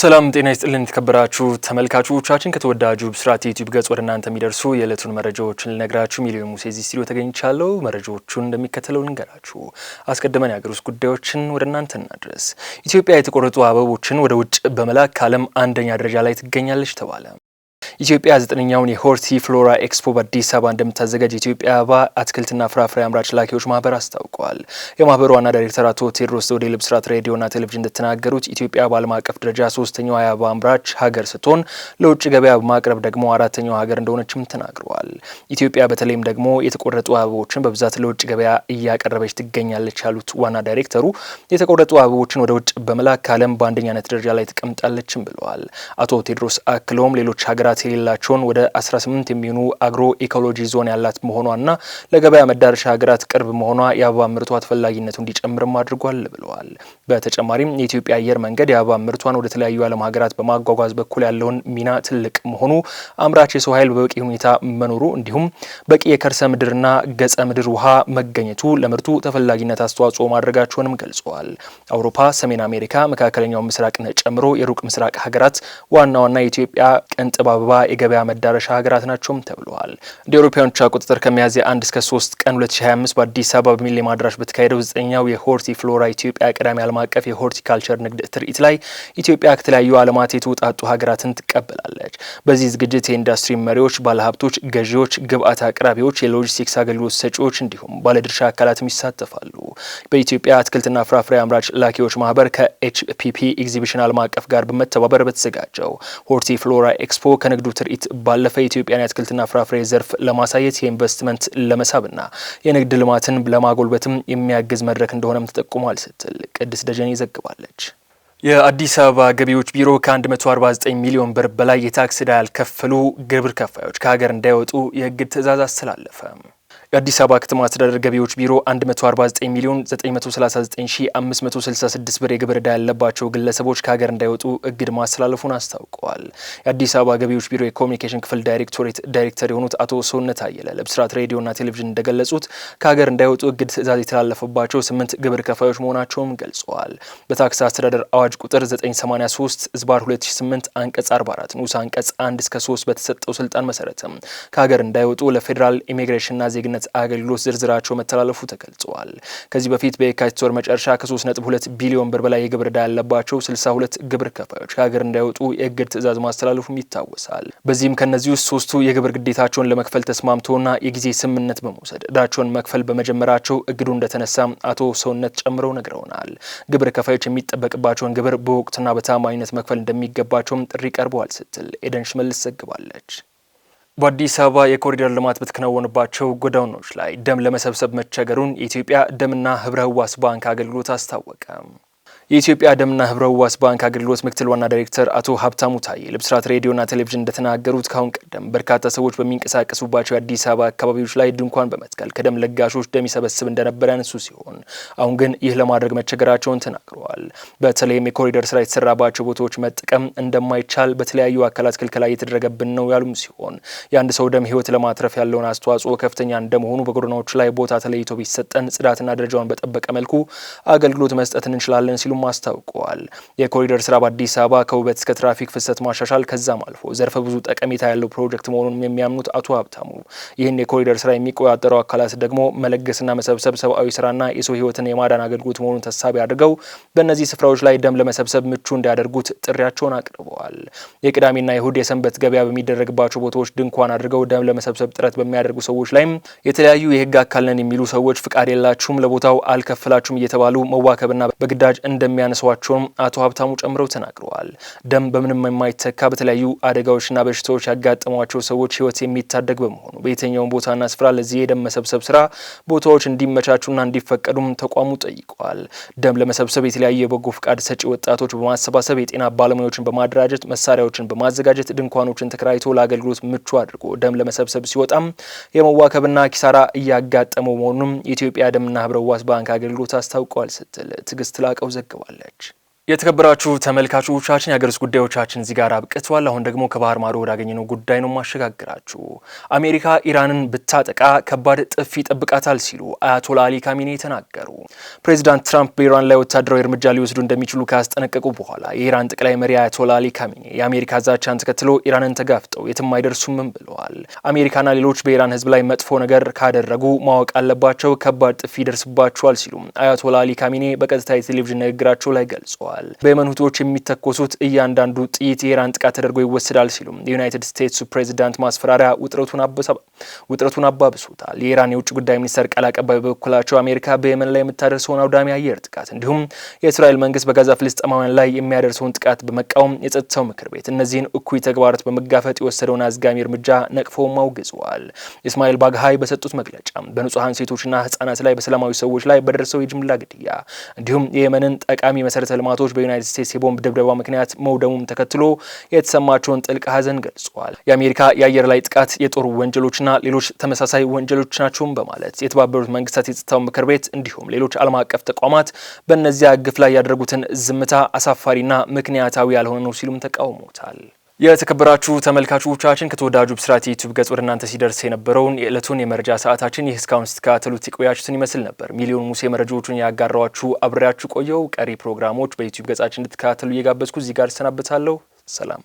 ሰላም ጤና ይስጥልን የተከበራችሁ ተመልካቾቻችን፣ ከተወዳጁ ብስራት ዩቲዩብ ገጽ ወደ እናንተ የሚደርሱ የዕለቱን መረጃዎችን ልነግራችሁ ሚሊዮን ሙሴ እዚህ ስቱዲዮ ተገኝቻለሁ። መረጃዎቹን እንደሚከተለው ልንገራችሁ። አስቀድመን የሀገር ውስጥ ጉዳዮችን ወደ እናንተ እናድረስ። ኢትዮጵያ የተቆረጡ አበቦችን ወደ ውጭ በመላክ ከዓለም አንደኛ ደረጃ ላይ ትገኛለች ተባለ። ኢትዮጵያ ዘጠነኛውን የሆርቲ ፍሎራ ኤክስፖ በአዲስ አበባ እንደምታዘጋጅ የኢትዮጵያ አበባ አትክልትና ፍራፍሬ አምራች ላኪዎች ማህበር አስታውቋል። የማህበሩ ዋና ዳይሬክተር አቶ ቴዎድሮስ ዘውዴ ለብስራት ሬዲዮና ቴሌቪዥን እንደተናገሩት ኢትዮጵያ በዓለም አቀፍ ደረጃ ሶስተኛው የአበባ አምራች ሀገር ስትሆን ለውጭ ገበያ በማቅረብ ደግሞ አራተኛው ሀገር እንደሆነችም ተናግረዋል። ኢትዮጵያ በተለይም ደግሞ የተቆረጡ አበቦችን በብዛት ለውጭ ገበያ እያቀረበች ትገኛለች ያሉት ዋና ዳይሬክተሩ የተቆረጡ አበቦችን ወደ ውጭ በመላክ ከዓለም በአንደኛነት ደረጃ ላይ ተቀምጣለችም ብለዋል። አቶ ቴድሮስ አክለውም ሌሎች ሀገራት ጥናት የሌላቸውን ወደ 18 የሚሆኑ አግሮ ኢኮሎጂ ዞን ያላት መሆኗና ለገበያ መዳረሻ ሀገራት ቅርብ መሆኗ የአበባ ምርቷ ተፈላጊነቱ እንዲጨምርም አድርጓል ብለዋል። በተጨማሪም የኢትዮጵያ አየር መንገድ የአበባ ምርቷን ወደ ተለያዩ ዓለም ሀገራት በማጓጓዝ በኩል ያለውን ሚና ትልቅ መሆኑ፣ አምራች የሰው ኃይል በበቂ ሁኔታ መኖሩ እንዲሁም በቂ የከርሰ ምድርና ገጸ ምድር ውሃ መገኘቱ ለምርቱ ተፈላጊነት አስተዋጽኦ ማድረጋቸውንም ገልጸዋል። አውሮፓ፣ ሰሜን አሜሪካ፣ መካከለኛው ምስራቅን ጨምሮ የሩቅ ምስራቅ ሀገራት ዋና ዋና የኢትዮጵያ ቅንጥብ አበባ አበባ የገበያ መዳረሻ ሀገራት ናቸውም ተብለዋል። እንደ አውሮፓውያኑ አቆጣጠር ከሚያዝያ 1 እስከ 3 ቀን 2025 በአዲስ አበባ በሚሌኒየም አዳራሽ በተካሄደው ዘጠኛው የሆርቲ ፍሎራ ኢትዮጵያ ቅዳሜ ዓለም አቀፍ የሆርቲካልቸር ንግድ ትርኢት ላይ ኢትዮጵያ ከተለያዩ ዓለማት የተውጣጡ ሀገራትን ትቀበላለች። በዚህ ዝግጅት የኢንዱስትሪ መሪዎች፣ ባለሀብቶች፣ ገዢዎች፣ ግብአት አቅራቢዎች፣ የሎጂስቲክስ አገልግሎት ሰጪዎች እንዲሁም ባለድርሻ አካላትም ይሳተፋሉ። በኢትዮጵያ አትክልትና ፍራፍሬ አምራች ላኪዎች ማህበር ከኤችፒፒ ኤግዚቢሽን ዓለም አቀፍ ጋር በመተባበር በተዘጋጀው ሆርቲ ፍሎራ ኤክስፖ ከንግዱ ትርኢት ባለፈ የኢትዮጵያን የአትክልትና ፍራፍሬ ዘርፍ ለማሳየት የኢንቨስትመንት ለመሳብና የንግድ ልማትን ለማጎልበትም የሚያግዝ መድረክ እንደሆነም ተጠቁሟል ስትል ቅድስ ደጀኔ ዘግባለች። የአዲስ አበባ ገቢዎች ቢሮ ከ149 ሚሊዮን ብር በላይ የታክስ ዕዳ ያልከፈሉ ግብር ከፋዮች ከሀገር እንዳይወጡ የእግድ ትዕዛዝ አስተላለፈ። የአዲስ አበባ ከተማ አስተዳደር ገቢዎች ቢሮ 149 ሚሊዮን 939566 ብር የግብር ዕዳ ያለባቸው ግለሰቦች ከሀገር እንዳይወጡ እግድ ማስተላለፉን አስታውቀዋል። የአዲስ አበባ ገቢዎች ቢሮ የኮሚኒኬሽን ክፍል ዳይሬክቶሬት ዳይሬክተር የሆኑት አቶ ሰውነት አየለ ለብስራት ሬዲዮና ቴሌቪዥን እንደገለጹት ከሀገር እንዳይወጡ እግድ ትዕዛዝ የተላለፈባቸው ስምንት ግብር ከፋዮች መሆናቸውም ገልጸዋል። በታክስ አስተዳደር አዋጅ ቁጥር 983 ዝባር 2008 አንቀጽ 44 ንዑስ አንቀጽ 1 እስከ 3 በተሰጠው ስልጣን መሰረትም ከሀገር እንዳይወጡ ለፌዴራል ኢሚግሬሽንና ዜግነት የደህንነት አገልግሎት ዝርዝራቸው መተላለፉ ተገልጸዋል። ከዚህ በፊት በየካቲት ወር መጨረሻ ከ3.2 ቢሊዮን ብር በላይ የግብር ዕዳ ያለባቸው 62 ግብር ከፋዮች ከሀገር እንዳይወጡ የእግድ ትዕዛዝ ማስተላለፉም ይታወሳል። በዚህም ከእነዚህ ውስጥ ሶስቱ የግብር ግዴታቸውን ለመክፈል ተስማምተውና የጊዜ ስምምነት በመውሰድ ዕዳቸውን መክፈል በመጀመራቸው እግዱ እንደተነሳ አቶ ሰውነት ጨምረው ነግረውናል። ግብር ከፋዮች የሚጠበቅባቸውን ግብር በወቅትና በታማኝነት መክፈል እንደሚገባቸውም ጥሪ ቀርበዋል ስትል ኤደን ሽመልስ ዘግባለች። በአዲስ አበባ የኮሪደር ልማት በተከናወንባቸው ጎዳናዎች ላይ ደም ለመሰብሰብ መቸገሩን የኢትዮጵያ ደምና ህብረ ህዋስ ባንክ አገልግሎት አስታወቀ። የኢትዮጵያ ደምና ህብረ ህዋስ ባንክ አገልግሎት ምክትል ዋና ዳይሬክተር አቶ ሀብታሙ ታዬ የብስራት ሬዲዮና ቴሌቪዥን እንደተናገሩት ካሁን ቀደም በርካታ ሰዎች በሚንቀሳቀሱባቸው የአዲስ አበባ አካባቢዎች ላይ ድንኳን በመትከል ከደም ለጋሾች ደም ይሰበስብ እንደነበረ ያነሱ ሲሆን አሁን ግን ይህ ለማድረግ መቸገራቸውን ተናግረዋል። በተለይም የኮሪደር ስራ የተሰራባቸው ቦታዎች መጠቀም እንደማይቻል በተለያዩ አካላት ክልከላ እየተደረገብን ነው ያሉም ሲሆን የአንድ ሰው ደም ህይወት ለማትረፍ ያለውን አስተዋጽኦ ከፍተኛ እንደመሆኑ በጎዳናዎቹ ላይ ቦታ ተለይቶ ቢሰጠን ጽዳትና ደረጃውን በጠበቀ መልኩ አገልግሎት መስጠት እንችላለን ሲሉ መሆኑንም አስታውቀዋል። የኮሪደር ስራ በአዲስ አበባ ከውበት እስከ ትራፊክ ፍሰት ማሻሻል ከዛም አልፎ ዘርፈ ብዙ ጠቀሜታ ያለው ፕሮጀክት መሆኑንም የሚያምኑት አቶ ሀብታሙ ይህን የኮሪደር ስራ የሚቆጣጠሩ አካላት ደግሞ መለገስና መሰብሰብ ሰብአዊ ስራና የሰው ህይወትን የማዳን አገልግሎት መሆኑን ተሳቢ አድርገው በእነዚህ ስፍራዎች ላይ ደም ለመሰብሰብ ምቹ እንዲያደርጉት ጥሪያቸውን አቅርበዋል። የቅዳሜና የእሁድ የሰንበት ገበያ በሚደረግባቸው ቦታዎች ድንኳን አድርገው ደም ለመሰብሰብ ጥረት በሚያደርጉ ሰዎች ላይም የተለያዩ የህግ አካል ነን የሚሉ ሰዎች ፍቃድ የላችሁም፣ ለቦታው አልከፍላችሁም እየተባሉ መዋከብና በግዳጅ እንደ እንደሚያነሷቸውም አቶ ሀብታሙ ጨምረው ተናግረዋል። ደም በምንም የማይተካ በተለያዩ አደጋዎችና በሽታዎች ያጋጠሟቸው ሰዎች ህይወት የሚታደግ በመሆኑ በየትኛውም ቦታና ስፍራ ለዚህ የደም መሰብሰብ ስራ ቦታዎች እንዲመቻቹና እንዲፈቀዱም ተቋሙ ጠይቋል። ደም ለመሰብሰብ የተለያዩ የበጎ ፍቃድ ሰጪ ወጣቶች በማሰባሰብ የጤና ባለሙያዎችን በማደራጀት መሳሪያዎችን በማዘጋጀት ድንኳኖችን ተከራይቶ ለአገልግሎት ምቹ አድርጎ ደም ለመሰብሰብ ሲወጣም የመዋከብና ኪሳራ እያጋጠመው መሆኑንም የኢትዮጵያ ደምና ህብረ ህዋስ ባንክ አገልግሎት አስታውቀዋል ስትል ትዕግስት ላቀው ዘግቧል። ታደርገዋለች። የተከበራችሁ ተመልካቾቻችን የአገር ውስጥ ጉዳዮቻችን እዚህ ጋር አብቅቷል። አሁን ደግሞ ከባህር ማዶ ወዳገኘነው ጉዳይ ነው ማሸጋግራችሁ። አሜሪካ ኢራንን ብታጠቃ ከባድ ጥፊ ይጠብቃታል ሲሉ አያቶላ አሊ ካሚኔ ተናገሩ። ፕሬዚዳንት ትራምፕ በኢራን ላይ ወታደራዊ እርምጃ ሊወስዱ እንደሚችሉ ካስጠነቀቁ በኋላ የኢራን ጠቅላይ መሪ አያቶላ አሊ ካሚኔ የአሜሪካ ዛቻን ተከትሎ ኢራንን ተጋፍጠው የትም አይደርሱምም ብለዋል። አሜሪካና ሌሎች በኢራን ህዝብ ላይ መጥፎ ነገር ካደረጉ ማወቅ አለባቸው፣ ከባድ ጥፊ ይደርስባቸዋል ሲሉ አያቶላ አሊ ካሚኔ በቀጥታ የቴሌቪዥን ንግግራቸው ላይ ገልጸዋል። ተናግረዋል። በየመን ሁቲዎች የሚተኮሱት እያንዳንዱ ጥይት የኢራን ጥቃት ተደርጎ ይወሰዳል ሲሉ የዩናይትድ ስቴትሱ ፕሬዚዳንት ማስፈራሪያ ውጥረቱን አባብሶታል። የኢራን የውጭ ጉዳይ ሚኒስተር ቃል አቀባይ በበኩላቸው አሜሪካ በየመን ላይ የምታደርሰውን አውዳሚ አየር ጥቃት እንዲሁም የእስራኤል መንግስት በጋዛ ፍልስጤማውያን ላይ የሚያደርሰውን ጥቃት በመቃወም የጸጥታው ምክር ቤት እነዚህን እኩይ ተግባራት በመጋፈጥ የወሰደውን አዝጋሚ እርምጃ ነቅፈው አውግዘዋል። ኢስማኤል ባግሃይ በሰጡት መግለጫ በንጹሐን ሴቶችና ህጻናት ላይ በሰላማዊ ሰዎች ላይ በደረሰው የጅምላ ግድያ እንዲሁም የየመንን ጠቃሚ መሰረተ ልማቶች ቤቶች በዩናይትድ ስቴትስ የቦምብ ድብደባ ምክንያት መውደሙም ተከትሎ የተሰማቸውን ጥልቅ ሐዘን ገልጸዋል። የአሜሪካ የአየር ላይ ጥቃት የጦር ወንጀሎችና ሌሎች ተመሳሳይ ወንጀሎች ናቸውም በማለት የተባበሩት መንግስታት የጸጥታው ምክር ቤት እንዲሁም ሌሎች ዓለም አቀፍ ተቋማት በእነዚያ ግፍ ላይ ያደረጉትን ዝምታ አሳፋሪና ምክንያታዊ ያልሆነ ነው ሲሉም ተቃውሞታል። የተከበራችሁ ተመልካቾቻችን ከተወዳጁ ብስራት ዩቲዩብ ገጽ ወደ እናንተ ሲደርስ የነበረውን የዕለቱን የመረጃ ሰዓታችን ይህ እስካሁን ስትከታተሉት የቆያችሁትን ይመስል ነበር። ሚሊዮን ሙሴ መረጃዎቹን ያጋራዋችሁ አብሬያችሁ ቆየው። ቀሪ ፕሮግራሞች በዩቲዩብ ገጻችን እንድትከታተሉ እየጋበዝኩ እዚህ ጋር እሰናበታለሁ። ሰላም